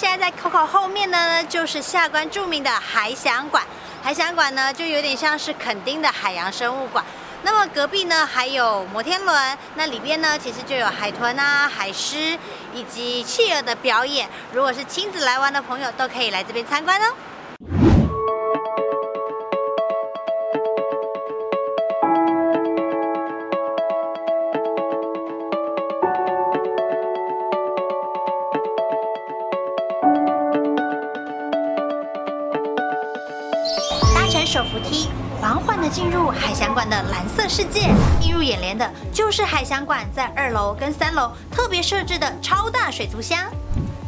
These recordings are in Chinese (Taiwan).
現在在 Coco 後面呢，就是下關著名的海響館。海響館呢，就有點像是墾丁的海洋生物館。那麼隔壁呢，還有摩天輪，那裡邊呢，其實就有海豚啊、海獅以及企鵝的表演。如果是親子來玩的朋友，都可以來這邊參觀哦。乘手扶梯，緩緩地進入海響館的藍色世界。映入眼簾的就是海響館在二樓跟三樓特別設置的超大水族箱。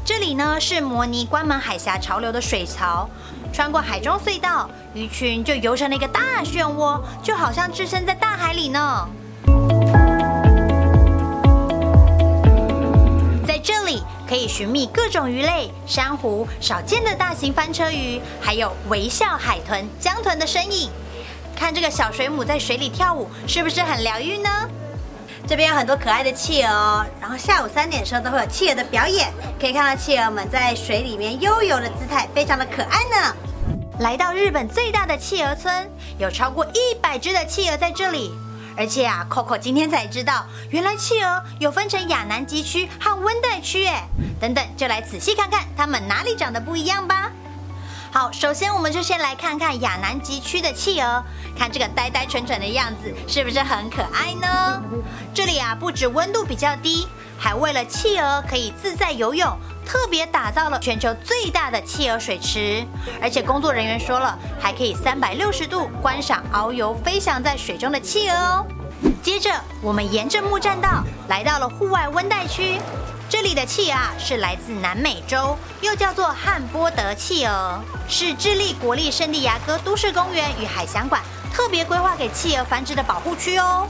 這裡呢，是模擬關門海峽潮流的水槽，穿過海中隧道，魚群就游成了一個大漩渦，就好像置身在大海裡呢。尋覓各種魚類、珊瑚、少見的大型翻車魚，還有微笑海豚、江豚的身影。看這個小水母在水裡跳舞，是不是很療癒呢？這邊有很多可愛的企鵝哦，然後下午三點的時候都會有企鵝的表演，可以看到企鵝們在水裡面悠游的姿態，非常的可愛呢。來到日本最大的企鵝村，有超過一百隻的企鵝在這裡。而且啊，Coco 今天才知道，原來企鵝有分成亞南極區和溫帶區，耶，等等，就來仔細看看它們哪裡長得不一樣吧。好，首先我們就先來看看亞南極區的企鵝，看這個呆呆蠢蠢的樣子，是不是很可愛呢？這裡啊，不止溫度比較低。還為了企鵝可以自在游泳，特別打造了全球最大的企鵝水池，而且工作人員說了，還可以三百六十度觀賞遨遊、飛翔在水中的企鵝哦。接着，我們沿着木棧道來到了戶外溫帶區，這裡的企鵝啊是來自南美洲，又叫做漢波德企鵝，是智利國立聖地牙哥都市公園與海響館特別規劃給企鵝繁殖的保護區哦。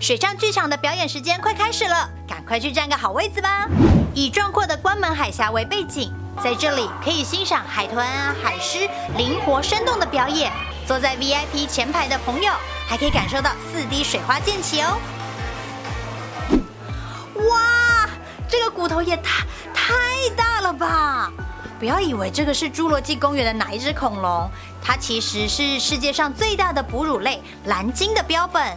水上劇場的表演時間快開始了，趕快去占個好位子吧！以壯闊的關門海峽為背景，在這裡可以欣賞海豚、啊、海獅靈活生動的表演。坐在 VIP 前排的朋友還可以感受到 4D 水花濺起哦！哇，這個骨頭也太太大了吧！不要以為這個是侏羅紀公園的哪一隻恐龍，它其實是世界上最大的哺乳類——藍鯨的標本。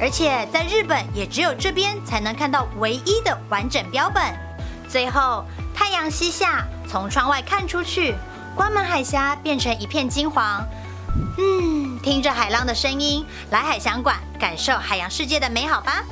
而且在日本也只有這邊才能看到唯一的完整標本。最後，太陽西下，從窗外看出去，關門海峽變成一片金黃。嗯，聽着海浪的聲音，來海響館感受海洋世界的美好吧。